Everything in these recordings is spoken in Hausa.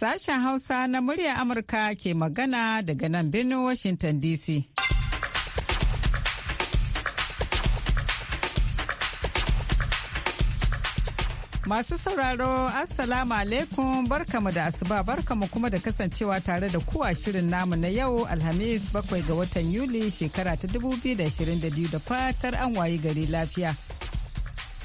Sashen Hausa na murya Amurka ke magana daga nan birnin Washington DC. Masu sauraro, Assalamu alaikum barkamu da asuba barkamu kuma da kasancewa tare da kuwa shirin namu na yau Alhamis bakwai ga watan Yuli shekara ta 2022 da fatar an wayi gari lafiya.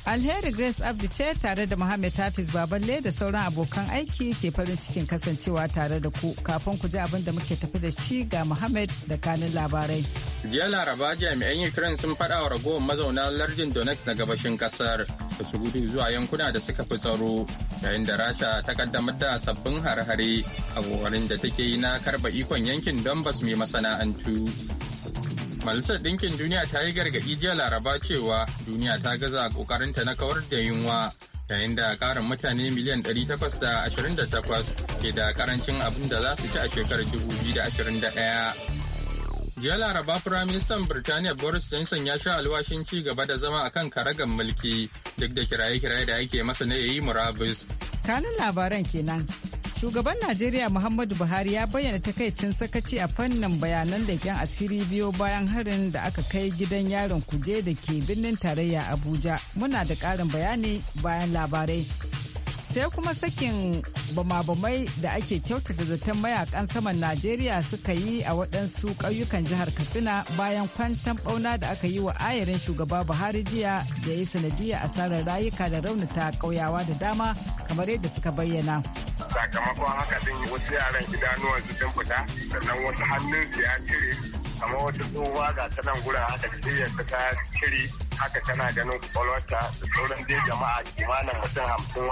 Alheri Grace Abdi ce tare da mohammed Hafiz Baballe da sauran abokan aiki ke farin cikin kasancewa tare da ku kafin ku ji abin da muke tafi da shi ga mohammed da kanin labarai. Jiya Laraba jami'an Ukraine sun faɗa wa ragowar mazauna lardin Donetsk na gabashin kasar da su gudu zuwa yankuna da suka fi tsaro yayin da Rasha ta kaddamar da sabbin har hare a kokarin da take yi na karba ikon yankin Donbas mai masana'antu. Majalisar Ɗinkin Duniya ta yi gargaɗi jiya Laraba cewa duniya ta gaza ƙoƙarinta na kawar da yunwa yayin da ƙarin mutane miliyan 828 ke da karancin abin da za su ci a shekarar 2021. jiya laraba firaministan birtaniya boris johnson ya sha alwashin ci gaba da zama a kan karagar mulki duk da kiraye-kiraye da ake masa na yayi murabus kanin labaran kenan shugaban najeriya muhammadu buhari ya bayyana takaicin sakaci a fannin bayanan leken asiri biyo bayan harin da aka kai gidan yaron kuje da ke birnin tarayya abuja muna da ƙarin bayani bayan labarai sai kuma sakin bamabamai da ake kyautata zaton mayakan saman najeriya suka yi a waɗansu ƙauyukan jihar katsina bayan kwantan ɓauna da aka yi wa ayarin shugaba buhari jiya da ya yi sanadiyar asarar rayuka da raunata ƙauyawa da dama kamar yadda suka bayyana sakamakon haka din wasu yaran idanuwan su sun fita sannan wasu hannun su ya cire amma wata tsohuwa ga ta nan gurin haka ta ta cire haka kana ganin kwakwalwarta da sauran dai jama'a kimanin mutum hamsin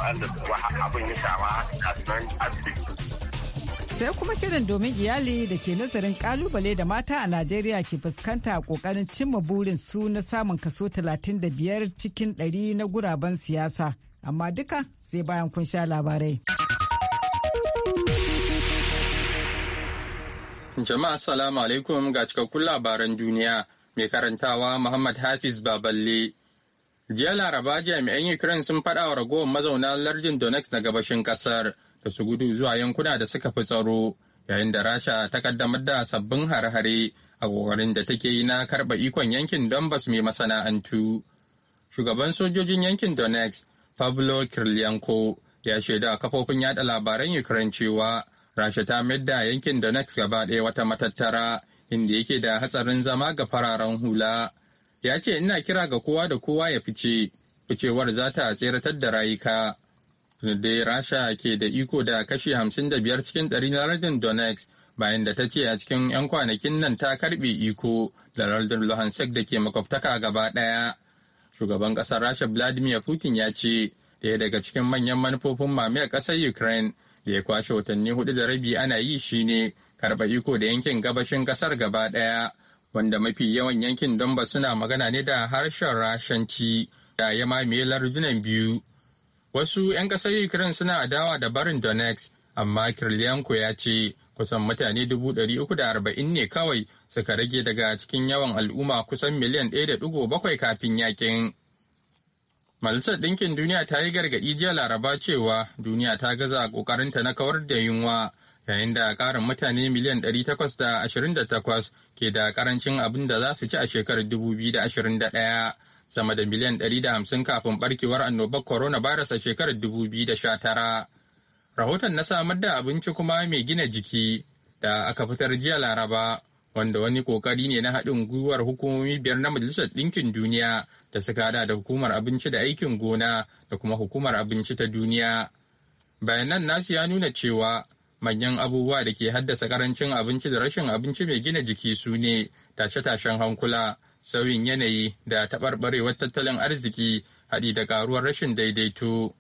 wa abin ya shafa kasuwan asibiti. sai kuma shirin domin iyali da ke nazarin kalubale da mata a najeriya ke fuskanta a kokarin cimma burin su na samun kaso 35 cikin 100 na guraben siyasa amma duka sai bayan kun sha labarai jama'a salamu alaikum ga cikakkun labaran duniya mai karantawa Muhammad Hafiz Baballe. Jiya Laraba jami'an Ukraine sun faɗa wa ragowar mazauna lardin Donetsk na gabashin ƙasar da su gudu zuwa yankuna da suka fi tsaro, yayin da Rasha ta kaddamar da sabbin hare-hare a ƙoƙarin da take yi na karɓa ikon yankin Donbass mai masana'antu. Shugaban sojojin yankin Donetsk, Pablo Kirlianko, ya shaida a kafofin yada labaran Ukraine cewa Rasha ta mayar da yankin Donetsk gaba ɗaya wata matattara inda yake da hatsarin zama ga fararen hula. Ya ce ina kira ga kowa da kowa ya fice, ficewar za ta tseratar da rayuka. dai Rasha ke da iko da kashi hamsin da biyar cikin ɗari na lardin donex bayan da ta ce a cikin 'yan kwanakin nan ta karɓe iko da lardin Luhansk da ke makwabtaka gaba ɗaya. Shugaban ƙasar Rasha Vladimir Putin ya ce ɗaya daga cikin manyan manufofin mamiyar ƙasar Ukraine da ya kwashe watanni hudu da rabi ana yi shine karba iko da yankin gabashin ƙasar gaba ɗaya wanda mafi yawan yankin donba suna magana ne da harshen rashanci da ya mamaye lardunan biyu wasu 'yan ƙasar ukraine suna adawa da barin donetsk amma kirliyanko ya ce kusan mutane 340 ne kawai suka rage daga cikin yawan al'umma kusan miliyan 1.7 kafin yakin. Majalisar Ɗinkin Duniya ta yi gargaɗi jiya Laraba cewa duniya ta gaza ƙoƙarinta na kawar da yunwa yayin da ƙarin mutane miliyan 828 ke da karancin abin da za su ci a shekarar 2021 sama da miliyan 150 kafin barkewar annobar coronavirus a shekarar 2019. Rahoton na samar da abinci kuma mai gina jiki da aka fitar jiya Laraba, wanda wani kokari ne na haɗin gwiwar hukumomi biyar na Majalisar Ɗinkin Duniya da suka hada da Hukumar Abinci da Aikin Gona da kuma Hukumar Abinci ta Duniya. Bayanan nasu ya nuna cewa manyan abubuwa da ke haddasa karancin abinci da rashin abinci mai gina jiki su ne tashe-tashen hankula sauyin yanayi da taɓarɓarewar tattalin arziki haɗi da ƙaruwar rashin daidaito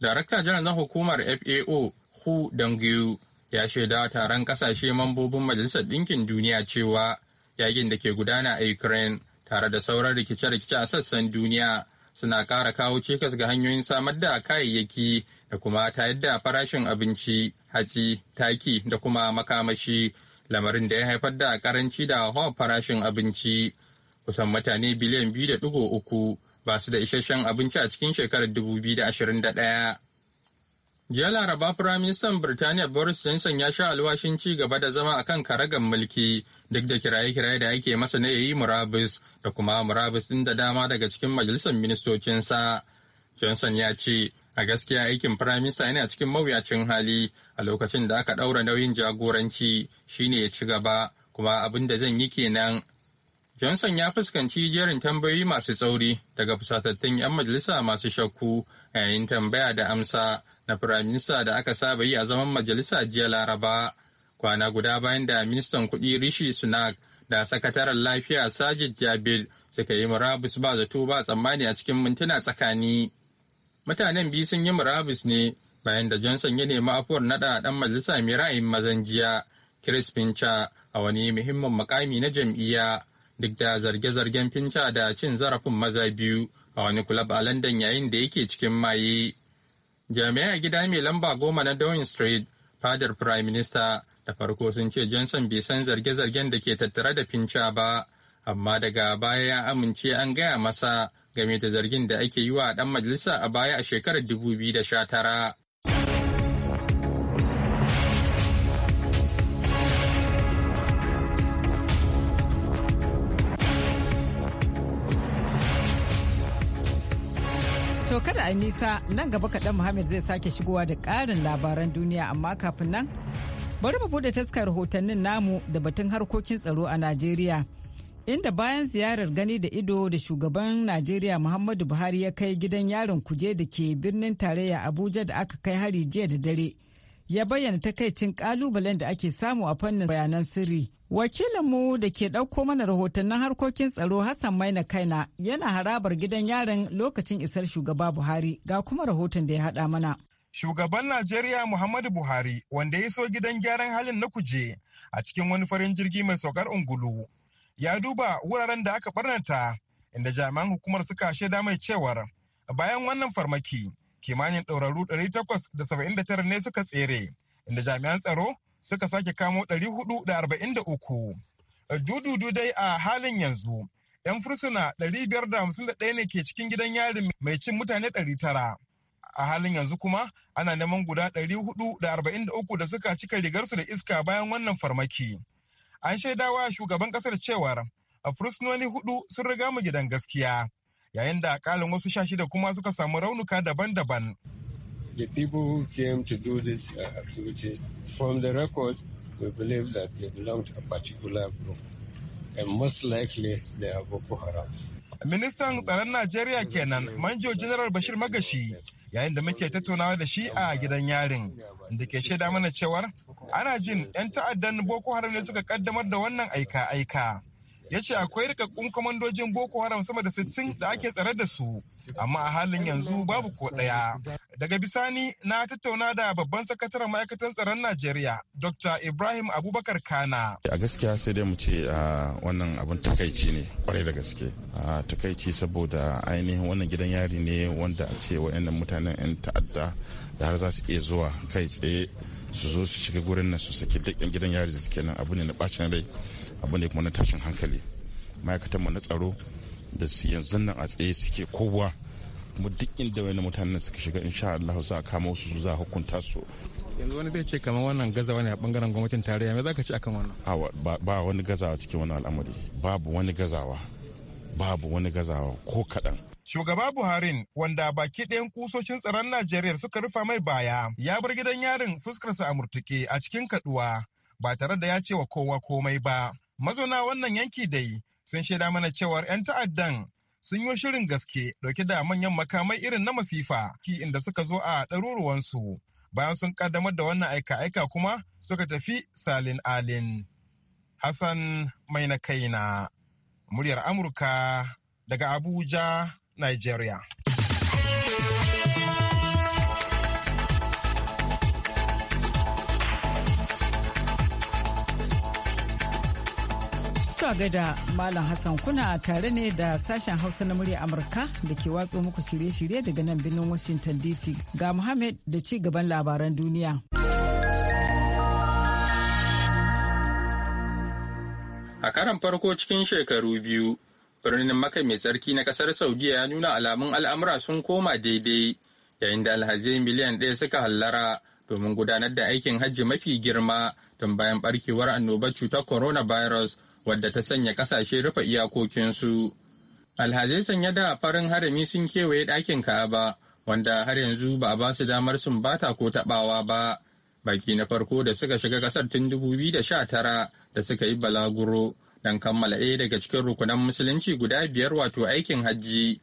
darakta janar na hukumar fao hu dangyu ya shaida taron ƙasashe mambobin majalisar ɗinkin duniya cewa yakin da ke gudana a ukraine tare da sauran rikice-rikice a sassan duniya suna ƙara kawo cikas ga hanyoyin samar da kayayyaki da kuma ta yadda farashin abinci hatsi taki da kuma makamashi lamarin da ya haifar da karanci da hawa farashin abinci kusan mutane biliyan biyu da digo uku ba su da isasshen abinci a cikin shekarar dubu biyu da da ashirin 2021 jiya laraba firaministan birtaniya boris johnson ya sha alwashin ci gaba da zama a kan karagan mulki duk da kiraye-kiraye da ake masa na yayi murabus da kuma murabus ɗin da dama daga cikin majalisar ministocinsa johnson ya ce a gaskiya aikin firaminista yana cikin mawuyacin hali a lokacin da aka ɗaura nauyin jagoranci shine ya ci gaba kuma abin da zan yi kenan johnson ya fuskanci jerin tambayoyi masu tsauri daga fusatattun 'yan majalisa masu shakku yayin tambaya da amsa na firaminista da aka saba yi a zaman majalisa jiya laraba kwana guda bayan da ministan kuɗi rishi sunak da sakataren lafiya sajid jabil suka yi murabus ba zato ba tsammani a cikin mintuna tsakani mutanen biyu sun yi murabus ne bayan da johnson ya nemi afuwar naɗa ɗan majalisa mai ra'ayin mazan jiya chris pincher a wani muhimmin mukami na jam'iyya duk da zarge-zargen pincher da cin zarafin maza biyu a wani kulab a london yayin da yake cikin maye jami'ai a gida mai lamba goma na downing street fadar prime minister da farko sun ce johnson bai san zarge-zargen da ke tattare da pincher ba amma daga baya ya amince an gaya masa game da zargin da ake yi wa ɗan majalisa a baya a shekarar 2019. To kada a nisa nan gaba kaɗan Muhammad zai sake shigowa da ƙarin labaran duniya amma kafin nan bari mu buɗe taskar rahotannin namu da batun harkokin tsaro a Najeriya. inda bayan ziyarar gani da ido da shugaban Najeriya Muhammadu Buhari ya kai gidan yaron kuje da ke birnin tarayya Abuja da aka kai hari jiya da dare. Ya bayyana takaicin kalubalen da ake samu a fannin bayanan sirri. Wakilinmu da ke ɗauko mana rahotannin harkokin tsaro Hassan Maina Kaina yana harabar gidan yaron lokacin isar shugaba Buhari ga kuma rahoton da ya haɗa mana. Shugaban Najeriya Muhammadu Buhari wanda ya so gidan gyaran halin na kuje a cikin wani farin jirgi mai saukar ungulu ya duba wuraren da aka barnata inda jami'an hukumar suka shaida mai cewar bayan wannan farmaki kimanin ɗauraru 879 ne suka tsere inda jami'an tsaro suka sake kamo 443 dududu dai a halin yanzu 'yan fursuna 551 ne ke cikin gidan yarin mai cin mutane 900 a halin yanzu kuma ana neman guda 443 da suka cika rigarsu da iska bayan wannan farmaki an shaidawa shugaban kasar cewar fursunoni hudu sun riga mu gidan gaskiya yayin da akalin wasu sha shida kuma suka samu raunuka daban-daban. The people came to do this uh, activity. From the record, we believe that they belong to a particular group. And most likely, they are Boko Haram. Ministan tsaron Najeriya kenan Manjo General Bashir Magashi yayin da muke tattaunawa da shi a gidan yarin da ke shaida mana cewar ana jin 'yan ta'addan Boko Haram ne suka kaddamar da wannan aika-aika. ya ce akwai rikakkun kwamandojin boko haram sama da 60 da ake tsare da su amma a halin yanzu babu ko daya daga bisani na tattauna da babban sakataren ma'aikatan tsaron najeriya dr ibrahim abubakar kana a gaskiya sai dai mu ce wannan abun takaici ne kwarai da gaske takaici saboda ainihin wannan gidan yari ne wanda a ce wa'annan mutanen 'yan ta'adda da har za su iya zuwa kai tsaye su zo su shiga gurin nan su saki dukkan gidan yari da suke nan abu ne na bacin rai abu ne kuma na tashin hankali ma'aikatanmu na tsaro da su yanzu nan a tsaye suke kowa kuma duk inda wani mutanen suka shiga insha Allah za a kama su za a hukunta su yanzu wani zai ce kamar wannan gaza ne a bangaren gwamnatin tarayya me zaka ci akan wannan ba wani gazawa cikin wani al'amari babu wani gazawa babu wani gazawa ko kaɗan Shugaba Buharin wanda baki ɗayan kusoshin tsaron Najeriya suka rufa mai baya ya bar gidan yarin fuskarsa a murtuke a cikin kaduwa ba tare da ya ce wa kowa komai ba. Mazauna wannan yanki da yi sun shaida mana cewar 'yan ta'addan sun yi shirin gaske dauke da manyan makamai irin na masifa inda suka zo a ɗaruruwansu bayan sun kaddamar da wannan aika-aika kuma suka tafi salin alin. Hassan mai na kaina, muryar Amurka daga Abuja, Nigeria. To gada Malam Hassan kuna tare ne da sashen Hausa na murya Amurka da ke watso muku shirye-shirye daga nan birnin Washington DC ga Muhammad da ci gaban labaran duniya. A karan farko cikin shekaru biyu, birnin maka mai tsarki na kasar Saudiya ya nuna alamun al'amura sun koma daidai, yayin da alhazai miliyan ɗaya suka hallara domin gudanar da aikin hajji mafi girma don bayan barkewar annobar cutar coronavirus wadda ta sanya kasashe rufe iyakokinsu. Alhazai sanya da farin harami sun kewaye ɗakin Ka'aba wanda har yanzu ba a basu damar sun bata ko taɓawa ba. Baki na farko da suka shiga ƙasar tun 2019 da suka yi balaguro don kammala ɗaya daga cikin rukunan musulunci guda biyar wato aikin hajji.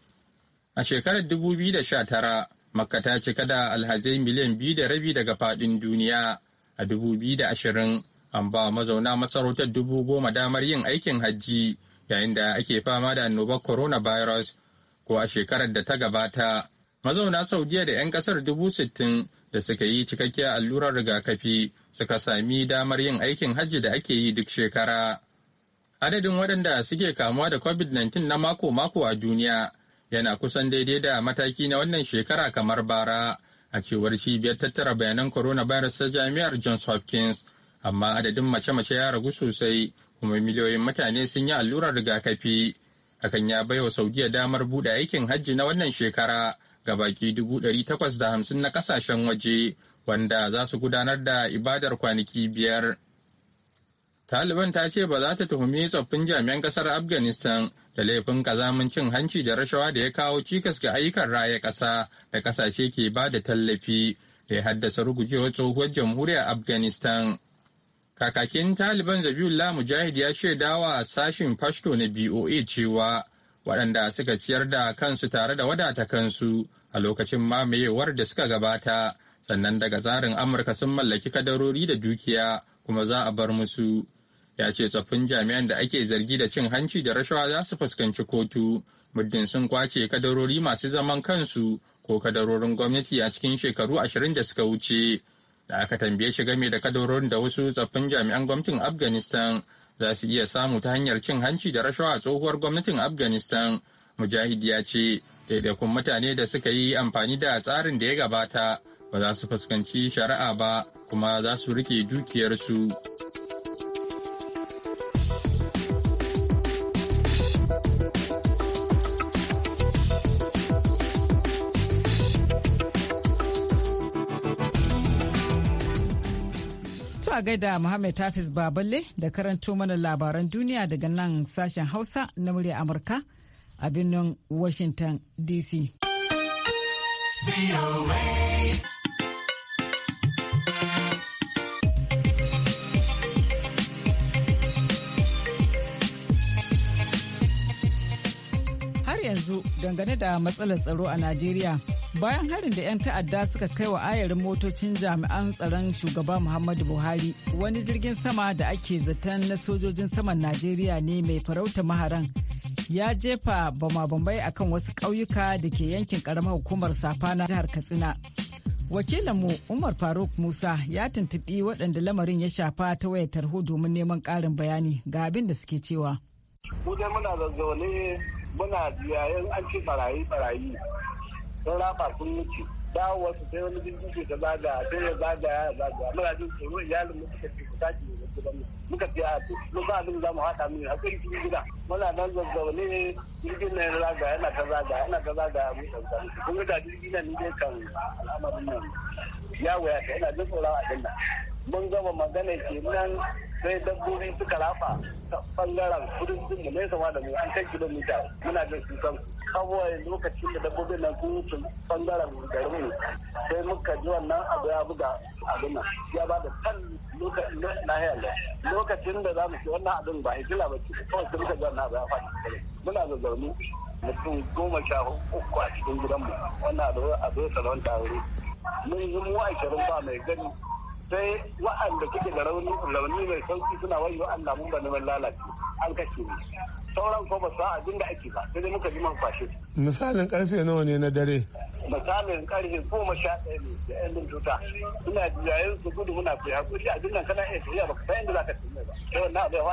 A shekarar 2019 Makka ta cika da alhazai miliyan biyu da rabi daga faɗin duniya a 2020 an ba mazauna masarautar dubu goma damar yin aikin hajji yayin da ake fama da annobar coronavirus ko a shekarar da ta gabata mazauna saudiya da 'yan kasar dubu sittin da suka yi cikakkiyar allurar rigakafi suka sami damar yin aikin hajji da ake yi duk shekara adadin waɗanda suke kamuwa da covid-19 na mako-mako a duniya yana kusan daidai da mataki na wannan shekara kamar bara a cewar cibiyar tattara bayanan coronavirus ta jami'ar johns hopkins amma adadin mace-mace ya ragu sosai kuma miliyoyin mutane sun yi allurar rigakafi hakan ya bai wa saudiya damar buɗe aikin hajji na wannan shekara ga baki dubu ɗari takwas da hamsin na kasashen waje wanda za su gudanar da ibadar kwanaki biyar taliban ta ce ba za ta tuhumi tsoffin jami'an ƙasar afghanistan da laifin kazamin cin hanci da rashawa da ya kawo cikas ga ayyukan raya ƙasa da ƙasashe ke ba da tallafi da ya haddasa rugujewar tsohuwar jamhuriyar afghanistan Kakakin Taliban Zabiullah Mujahid ya wa sashin Fashto na BOA cewa waɗanda suka ciyar da kansu tare da wadata kansu a lokacin mamayewar da suka gabata sannan daga tsarin Amurka sun mallaki kadarori da dukiya kuma za a bar musu. Ya ce tsoffin jami'an da ake zargi da cin hanci da rashawa za su fuskanci kotu muddin sun kwace kadarori masu zaman kansu ko kadarorin gwamnati a cikin shekaru ashirin da suka wuce. da aka tambaye shi game da kadarorin da wasu tsaffin jami'an gwamnatin afghanistan za su iya samu ta hanyar cin hanci da rashawa a tsohuwar gwamnatin afghanistan mujahid ya ce daidaikun mutane da suka yi amfani da tsarin da ya gabata ba za su fuskanci shari'a ba kuma za su rike dukiyarsu. gaida Muhammad Tafis Baballe da karanto mana labaran duniya daga nan sashen Hausa na murya Amurka a birnin Washington DC. Har yanzu dangane da matsalar tsaro a Najeriya. bayan harin da 'yan ta'adda suka kai wa ayarin motocin jami'an tsaron shugaba muhammadu buhari wani jirgin sama da ake zaton na sojojin saman najeriya ne mai farauta maharan ya jefa bama-bambai akan wasu ƙauyuka da ke yankin ƙaramar hukumar safana jihar katsina wakilinmu umar faruk musa ya tuntuɓi waɗanda lamarin ya shafa ta wayar tarho domin neman ƙarin bayani ga abin da suke cewa muna zazzaune muna an ci barayi barayi sun rama sun wuce dawowar su sai wani jirgin ke ta zaga sai ya zaga ya zaga muna jin tsoro iyalin mu suka ce ku tashi ne ku zama muka ce a mun abin za mu mu a cikin gida muna nan zazzaune jirgin ya zaga yana ta zaga yana ta zaga mu tsanta kun ga jirgin nan kan al'amarin nan ya waya ta yana jin a mun gama magana kenan sai dabbobi suka rafa ta bangaren kudin din da nesa ma da mu an kai kilomita muna jin su san kawai lokacin da dabbobin nan sun wuce bangaren garin mu sai muka ji wannan abu ya buga abin nan ya ba da kan lokacin da lokacin da za mu ci wannan abin ba hijila ba ce kawai sai muka ji wannan abu ya faɗi muna zaune mutum goma sha uku a cikin gidanmu wannan abu ya salon wuri mun yi mu ashirin ba mai gani sai wa'anda suke da rauni rauni mai sauki suna wayo Allah mun ba neman lalace an kashe ni sauran ko ba sa abin da ake ba sai dai muka ji man fashe misalin karfe nawa ne na dare misalin karfe goma sha ɗaya ne da yan tuta suna jiyayen su gudu muna kai hakuri abin nan kana iya tafiya ba ka san inda ka tafi ba sai wannan abu ya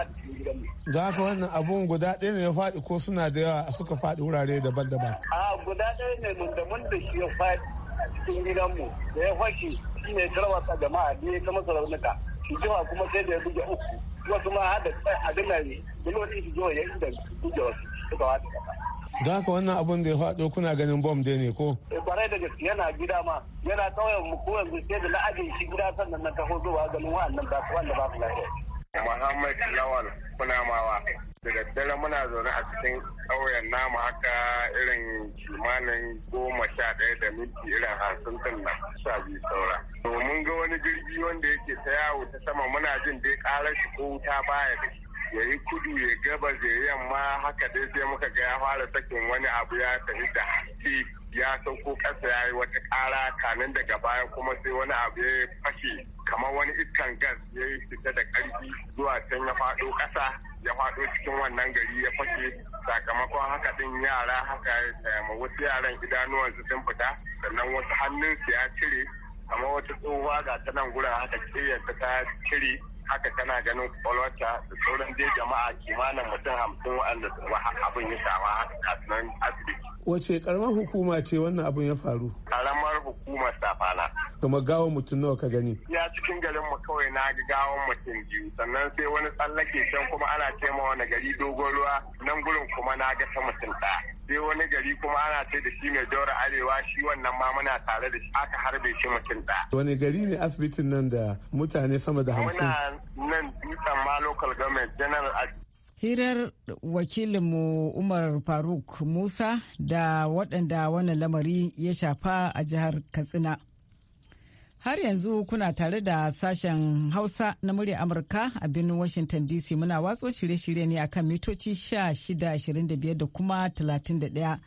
faɗi cikin gidan mu da haka wannan abun guda ɗaya ne ya faɗi ko suna da yawa suka faɗi wurare daban-daban a guda ɗaya ne mun da mun da shi ya faɗi a cikin gidan mu da ya fashe. shi ne tarwatsa jama'a ne ta kama raunuka shi jima kuma sai da ya buge uku kuma ma har da a da ne miliyoyin shi jima ya yi da buge wasu suka wata kasa. haka wannan abun da ya faɗo kuna ganin bom dai ne ko? kwarai eh, da gaske yana gida ma yana kawai mu ko yanzu sai da na ajiye shi gida sannan na taho zuwa ganin wa'annan ba su wanda ba su lafiya. Muhammad Lawal Kunamawa. Da daddare muna zaune a cikin ƙauyen namu haka irin kimanin goma sha ɗaya da minti irin hasin din nan sha biyu saura. Domin ga wani jirgi wanda yake ta yawo ta sama muna jin dai ƙarar shi ko wuta baya da ya yi kudu ya gaba ya yamma haka dai sai muka ga ya fara sakin wani abu ya tafi da haske ya sauko ƙasa ya yi wata ƙara kamin daga baya kuma sai wani abu ya fashe kamar wani iskan gas ya yi fita da ƙarfi zuwa can ya faɗo ƙasa ya faɗo cikin wannan gari ya fashe sakamakon haka din yara haka ya wasu yaran su sun fita sannan wasu hannunsu ya cire kamar wata tsohuwa ga ta nan gurin haka ƙiyarta ta cire haka kana ganin kwakwalwarta da sauran dai jama'a kimanin mutum hamsin wanda abin ya shawa a nan asibiti. Wace karamar hukuma ce wannan abin ya faru? Karamar hukumar safana. Kuma gawon mutum nawa ka gani? Ya cikin garin mu kawai na ga gawon mutum biyu sannan sai wani tsallake can kuma ana ce na wani gari dogon ruwa nan gurin kuma na ga ta mutum ɗaya. sai wani gari kuma ana ce da shi mai daura arewa shi wannan ma muna tare da shi aka harbe shi mutum da. wani gari ne asibitin nan da mutane sama da hamsin muna nan dutsen ma local government general hirar wakilinmu umar faruk musa da waɗanda wannan lamari ya shafa a jihar katsina. Har yanzu kuna tare da sashen Hausa na murya Amurka a birnin Washington DC muna watso shirye-shirye ne akan mitoci 1625 da kuma 31.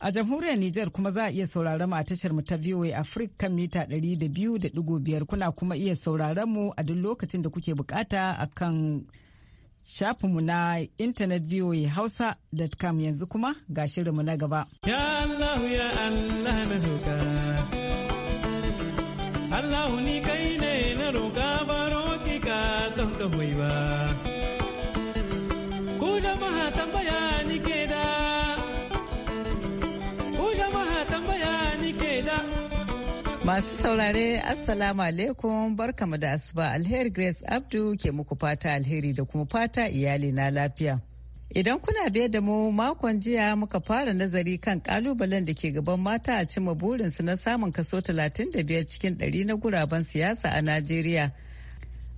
A jamhuriyar Nijar kuma za a iya sauraron mu a tashar mu ta VOA Africa mita 200.5 kuna kuma iya sauraron mu a duk lokacin da kuke bukata a kan shafinmu na intanet voa hausa.com yanzu kuma ga shirinmu na gaba. Ya Allah ya Allah na Allah ni kai ne na roƙa baro ki ka don ka hoyi ba. Ku jama'a tambaya ni ke da, ku jama'a tambaya ni ke da. Masu saurare Assalamu alaikum barkamu da asuba alheri Grace Abdu ke muku fata alheri da kuma fata iyali na lafiya. Idan kuna biye da mu makon jiya muka fara nazari kan kalubalen da ke gaban mata a cima burinsu na samun kaso 35 cikin 100 na guraben siyasa a Najeriya.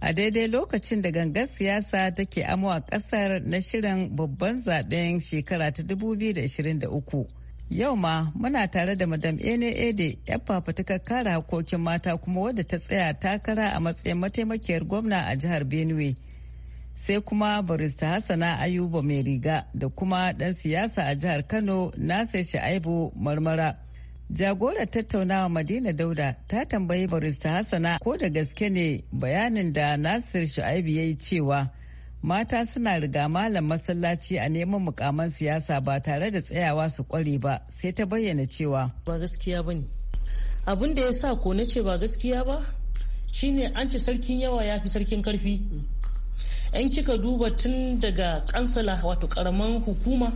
A daidai lokacin da gangar siyasa take amo a kasar na shirin babban zaben shekara ta 2023. Yau ma muna tare da Madam Ene Ede, yar fafutukar kare hakokin mata kuma wadda ta tsaya takara a matsayin mataimakiyar gwamna a jihar Benue. sai kuma barista hassana ayuba mai riga da kuma ɗan siyasa a jihar kano nasir sha'aibu marmara jagorar tattaunawa madina dauda ta tambayi barista hassana ko da gaske ne bayanin da nasir sha'ibu ya yi cewa mata suna riga malam masallaci a neman mukaman siyasa ba tare da tsayawa su kware ba sai ta bayyana cewa ba gaskiya ba ne abin da ya sa ko na ce ba gaskiya ba shine an ce sarkin yawa ya fi sarkin karfi 'yan kika duba tun daga kansala wato karaman hukuma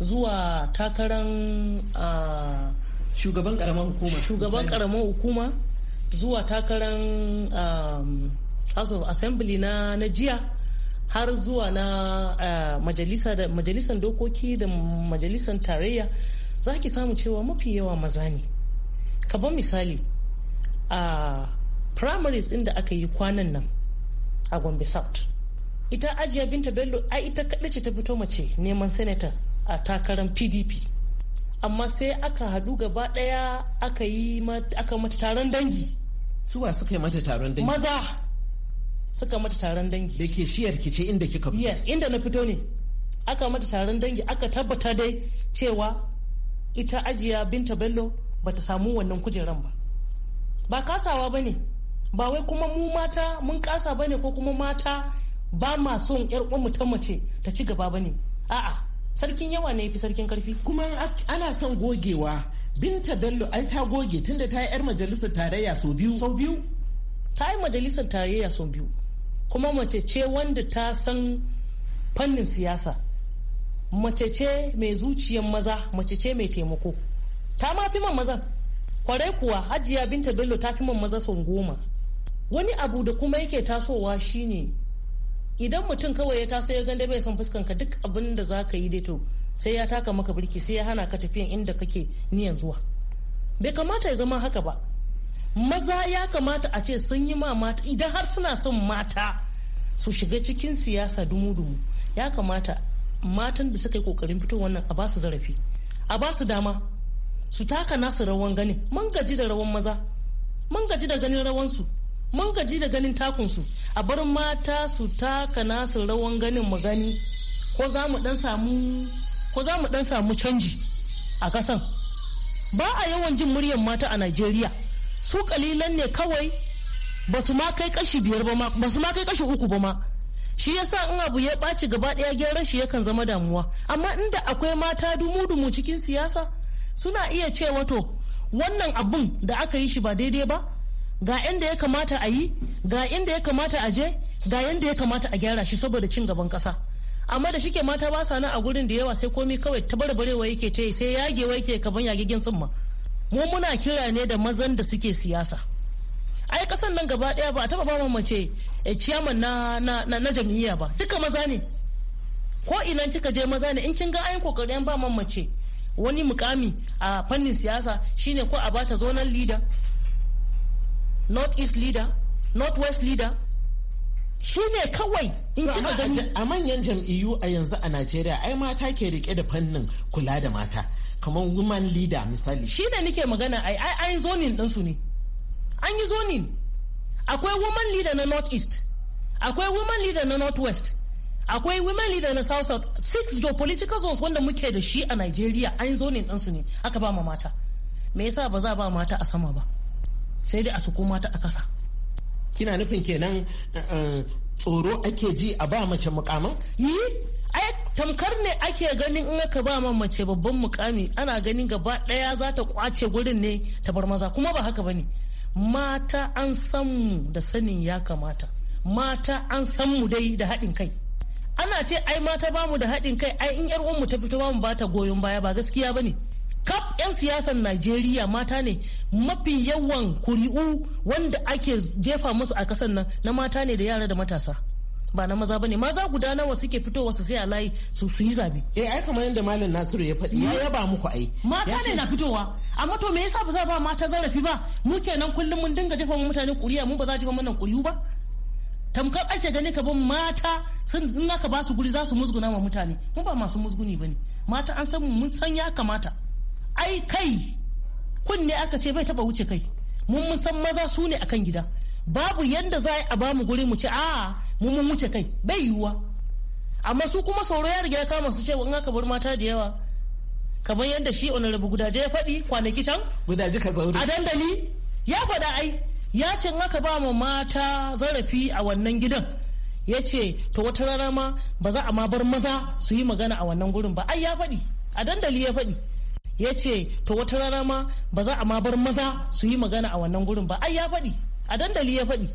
zuwa takarar shugaban karaman hukuma shugaban karaman hukuma zuwa takarar um, house of assembly na jiya har zuwa na majalisar dokoki da majalisar tarayya za ki samu cewa mafi yawa maza ne kaban misali a primaries inda aka yi kwanan nan a gombe south ita ajiya binta bello ai ita kaɗai ce ta fito mace neman senator a takarar pdp amma sai aka haɗu gaba ɗaya aka yi aka mata taron dangi suwa suka yi mata taron dangi maza suka mata taron dangi da ke shiyar ki ce inda kika fito yes inda na fito ne aka mata taron dangi aka tabbata dai cewa ita ajiya binta bello bata samu wannan kujeran ba ba kasawa ba ne ba wai kuma mu mata mun kasa ba ne ko kuma mata ba ma son yar mu ta mace ta ci gaba bane a'a sarkin yawa ne yafi sarkin karfi kuma ana son gogewa binta bello ai ta goge tunda ta yi yar majalisar tarayya sau biyu sau biyu ta yi majalisar tarayya sau biyu kuma mace ce wanda ta san fannin siyasa mace ce mai zuciyar maza mace ce mai taimako ta ma fi man mazan kwarai kuwa hajiya binta bello ta fi man maza sau goma wani abu da kuma yake tasowa shine idan mutum kawai ya taso ya ganda bai san fuskanka duk abin da za ka yi dai to sai ya taka maka birki sai ya hana ka tafiyan inda kake niyan zuwa bai kamata ya zama haka ba maza ya kamata a ce sun yi ma mata idan har suna son mata su shiga cikin siyasa dumu-dumu ya kamata matan da suka yi kokarin fito wannan a basu zarafi a basu dama su taka nasu rawan ganin mun gaji da rawan maza mun gaji da ganin rawansu mun gaji da ganin takunsu a bar mata su taka nasu rawan ganin mu gani ko za mu dan samu canji a kasan ba a yawan jin muryar mata a Najeriya su kalilan ne kawai ba su ma kai kashi biyar ba ma ba su ma kai kashi uku ba ma shi yasa in abu ya ɓaci gaba ɗaya gyaran shi yakan zama damuwa amma inda akwai mata dumu-dumu cikin siyasa suna iya cewa to wannan abun da aka yi shi ba daidai ba ga inda ya kamata a yi ga inda ya kamata a je ga yanda ya kamata a gyara shi saboda cin gaban kasa amma da shike mata ba sa nan a gurin da yawa sai komai kawai ta barbarewa yake ta sai yagewa yake kaban yagigin tsumma mu muna kira ne da mazan da suke siyasa ai kasan nan gaba daya ba a taba ba mace eh, ciyaman na na na, na jam'iyya ba duka maza ne ko ina kika je maza ne in kin ga ayin kokarin ba mace wani mukami a fannin siyasa shine ko a bata zonal leader north east leader north west leader shi ne kawai in kika gani a manyan jam'iyyu a yanzu a najeriya ai mata ke rike da fannin kula da mata kamar woman leader misali shi ne nike magana ai ai ai zonin ɗinsu ne an yi zonin akwai woman leader na north east akwai woman leader na north west akwai women leader na south south six geopolitical zones wanda muke da shi a nigeria an zonin ɗansu ne aka ba ma mata me yasa ba za ba mata a sama ba sai dai a su mata a kasa kina nufin kenan eh, eh, tsoro ake ji a ba mace mukamin yi ai tamkar ne ake ganin in aka ba mace babban mukami ana ganin gaba daya za ta kwace gurin ne ta bar maza kuma ba haka bane mata an san mu da sanin ya kamata mata an san mu dai da haɗin kai ana ce ai mata bamu da haɗin kai ai in yar mu ta fito ba mu ba ta goyon baya ba gaskiya bane kaf 'yan siyasar najeriya mata ne mafi yawan kuri'u wanda ake jefa musu a kasan nan na mata ne da yara da matasa ba na maza bane maza guda nawa suke fitowa su sai a layi su su yi zabe eh ai kamar yadda malam nasiru ya faɗi ya yaba muku ai mata ne na fitowa amma to me yasa ba za ba mata zarafi ba mu kenan kullum mun dinga jefa mutane kuriya mu ba za jefa mana kuriyu ba tamkar ake gani ka bin mata sun zina ka ba su guri za su musguna ma mutane mu ba masu musguni bane mata an san mun san ya kamata ai kai kunne aka ce bai taba wuce kai mun mun san maza su ne akan gida babu yanda za a bamu guri mu ce a mun mun wuce kai bai yiwuwa amma su kuma sauro ya riga ya kama su ce in aka bar mata da yawa kamar yadda shi rabu gudaje ya faɗi kwanaki can gudaje ka zaure a dandali ya faɗa ai ya ce in aka ba mu mata zarafi a wannan gidan ya ce to wata rana ma ba za a ma bar maza su yi magana a wannan gurin ba ai ya faɗi a dandali ya faɗi ya ce to wata rana ma ba za a ma bar maza su yi magana a wannan gurin ba ai ya faɗi a dandali ya faɗi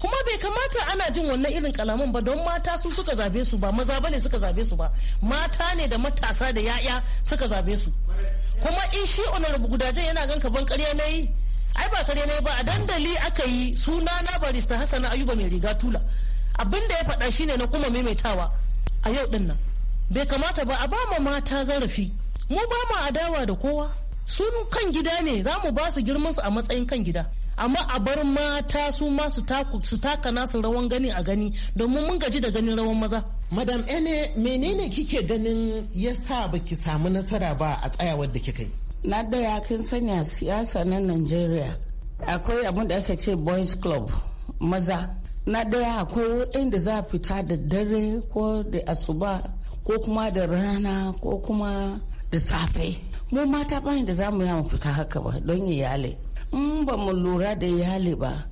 kuma bai kamata ana jin wannan irin kalaman ba don mata su suka zabe su ba maza bane suka zabe su ba mata ne da matasa da yaya suka zabe su kuma in shi onar gudajen yana gan ka ban ƙarya na yi ai ba ƙarya na yi ba a dandali aka yi suna na barista hassan ayuba mai riga tula abin da ya faɗa shine na kuma maimaitawa a yau din nan bai kamata ba a ba ma mata zarafi mu ba mu adawa da kowa sun kan gida ne za mu ba su girman su a matsayin kan gida amma a bar mata su ma su taka nasu rawan gani a gani domin mun gaji da ganin rawan maza madam ene menene kike ganin ya sa baki samu nasara ba a tsayawar da kika yi na daya kin sanya siyasa na nigeria akwai abin da aka ce boys club maza na daya akwai inda za a fita da dare ko da asuba ko kuma da rana ko kuma da safe mu mata bayan da za mu yawan fita haka ba don iyali in ba mu lura da iyali ba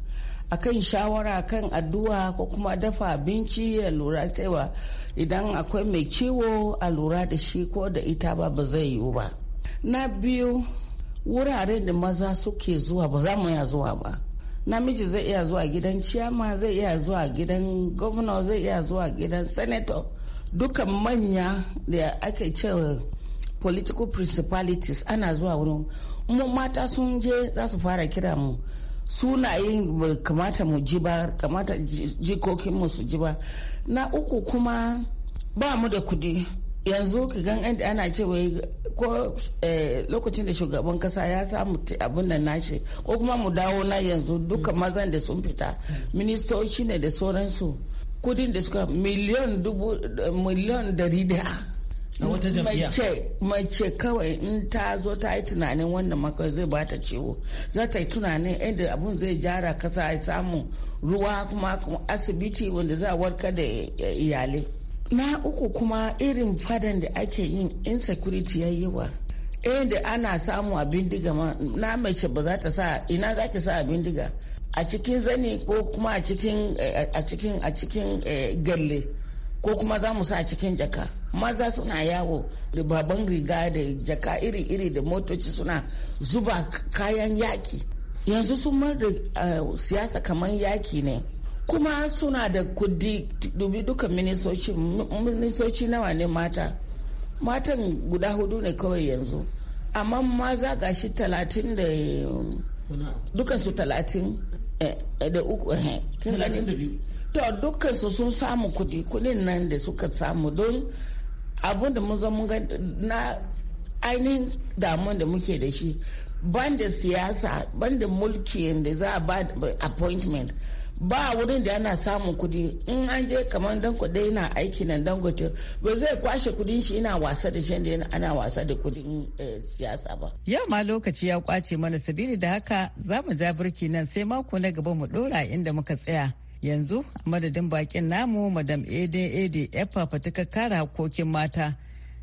akan shawara kan addu'a ko kuma dafa abinci ya lura cewa idan akwai mai ciwo a lura da shi ko da ita ba ba zai yiwu ba na biyu wuraren da maza suke zuwa ba za mu ya zuwa ba namiji zai iya zuwa gidan ciyama zai iya zuwa gidan gwamna zai iya zuwa gidan senator dukan manya da ake cewa political principalities ana zuwa wurin mu mata sun je za su fara kira mu sunayen bai kamata mu ji ba kamata jikokinmu su ji ba na uku kuma ba mu da kudi yanzu ka gan ana ce wai ko eh, lokacin da shugaban kasa ya samu abin da nashi ko kuma mu dawo na yanzu duka mazan da sun fita ministoci ne da sauransu kudin da suka miliyan dubu miliyan dari da a wata jam'iyya mace kawai in ta zo ta yi tunanin wannan maka zai ba ta ciwo za ta yi tunanin inda abun zai jara kasa ya samu ruwa kuma asibiti wanda za a warka da iyalai na uku kuma irin fadan da ake yin insecurity ya yi wa inda ana samu a bindiga ma na mace ba za ta sa ina za ki sa a bindiga a cikin zani ko kuma a cikin a eh, a cikin eh, galle ko kuma za mu sa cikin jaka maza suna yawo da baban riga da jaka iri-iri da motoci suna zuba kayan yaki yanzu sun mar da eh, siyasa kamar yaki ne kuma suna da kudi dubi duka ministoci nawa ne mata matan guda hudu ne kawai yanzu amma maza gashi talatin da dukansu talatin eh, da uku eh, talatin da biyu to dukkansu sun samu kudi kudin nan da suka samu don abun da mun zama na ainihin damuwan da muke da shi banda siyasa banda mulki da za a ba appointment ba wurin da yana samun kudi in an je kamar dan kuɗi yana aiki nan dangote ba zai kwashe kudin shi ina wasa da shan da ana wasa da kudin eh, siyasa ba yau ma lokaci ya kwace mana sabili da haka za mu ja birki nan sai mako na gaba mu dora inda muka tsaya yanzu madadin bakin namu madam ede ede efa fatika kare hakokin mata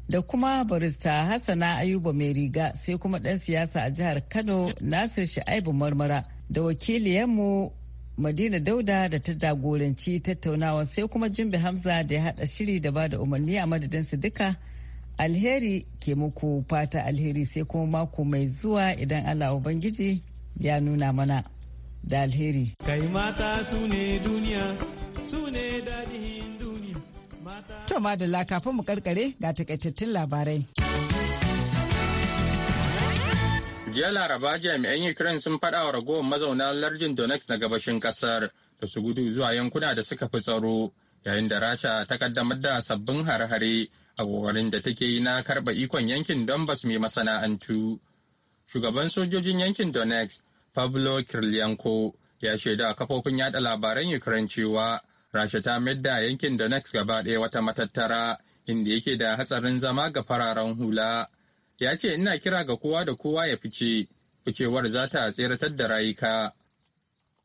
da kuma barista hassana ayuba mai riga sai kuma dan siyasa a jihar kano nasir sha'ibu marmara da wakiliyanmu madina dauda da ta jagoranci tattaunawa sai kuma jimbi hamza da ya hada shiri da ba da umarni a madadin su duka alheri ke muku fata alheri sai kuma mako mai zuwa idan allah ubangiji ya nuna mana. da alheri. Kai mata su ne duniya, su ne dadihin duniya. To madalla kafin mu karkare ga takaitattun labarai. Jiya Laraba jami'an Ukraine sun faɗa wa ragowar mazauna lardin Donetsk na gabashin ƙasar da su gudu zuwa yankuna da suka fi tsaro yayin da Rasha ta kaddamar da sabbin hare-hare a kokarin da take yi na karɓa ikon yankin Donbass mai masana'antu. Shugaban sojojin yankin Donetsk Pablo Kirlianko ya shaida a kafofin yada labaran Ukraine cewa Rasha ta da yankin Donetsk gaba ɗaya wata matattara inda yake da hatsarin zama ga fararen hula. Ya ce ina kira ga kowa da kowa ya fice, ficewar za ta tseratar da rayuka.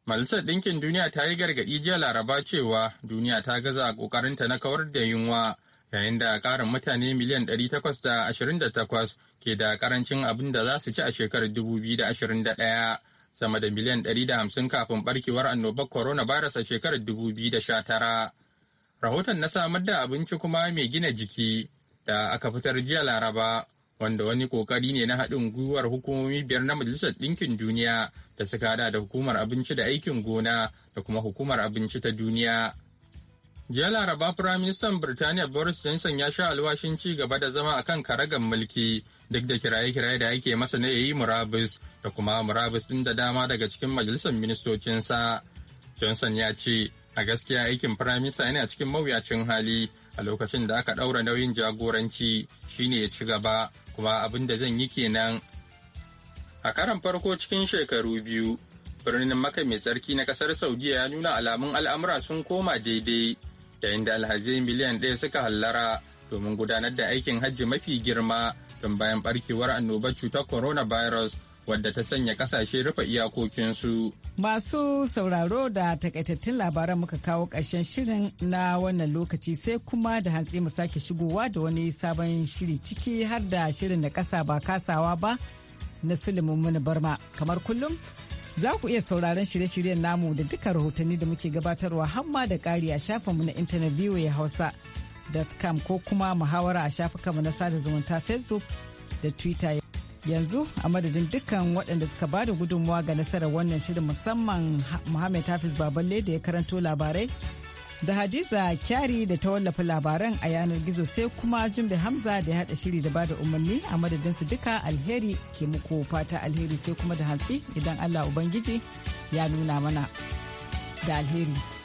Majalisar Ɗinkin Duniya ta yi gargaɗi jiya Laraba cewa duniya ta gaza ƙoƙarinta na kawar da yunwa yayin da ƙarin mutane miliyan ɗari takwas da 828 ke da ƙarancin abin da za su ci a shekarar da ɗaya. sama da miliyan 150 kafin barkewar annobar coronavirus a shekarar 2019. Rahoton na samar da abinci kuma mai gina jiki da aka fitar jiya Laraba, wanda wani kokari ne na haɗin gwiwar hukumomi biyar na Majalisar Ɗinkin Duniya da suka hada da Hukumar Abinci da Aikin Gona da kuma Hukumar Abinci ta Duniya. Jiya Laraba Firaministan Birtaniya Boris Johnson ya sha alwashin ci gaba da zama a kan karagan mulki duk da kiraye-kiraye da ake masa na yayi murabus da kuma murabus ɗin da dama daga cikin majalisar ministocinsa. Johnson ya ce, a gaskiya aikin Firaminista yana cikin mawuyacin hali a lokacin da aka ɗaura nauyin jagoranci shine ya ci gaba kuma abin da zan yi kenan. A karan farko cikin shekaru biyu, birnin maka mai tsarki na kasar Saudiya ya nuna alamun al'amura sun koma daidai yayin da alhazai miliyan ɗaya suka hallara domin gudanar da aikin hajji mafi girma tun bayan barkewar annobar cutar coronavirus wadda ta sanya kasashe rufe iyakokinsu. Masu sauraro da takaitattun labaran muka kawo ƙarshen shirin na wannan lokaci sai kuma da hantsi mu sake shigowa da wani sabon shiri ciki har da shirin da ƙasa ba kasawa ba na Suleiman Barma kamar kullum. Za ku iya sauraron shirye-shiryen namu da duka rahotanni da muke gabatarwa hamma da ƙari a shafinmu na intanet ya hausa.com ko kuma muhawara a shafukanmu na sada zumunta Facebook da Twitter. Yanzu a madadin dukkan waɗanda suka ba da gudunmawa ga nasarar wannan shirin musamman muhammed Hafiz Baballe da ya karanto labarai da Hadiza Kyari da ta wallafa labaran a yanar gizo sai kuma Jumbe Hamza da ya hada shiri da bada umarni a madadin su duka alheri ke muku fata alheri sai kuma da hantsi idan Allah Ubangiji ya nuna mana da alheri.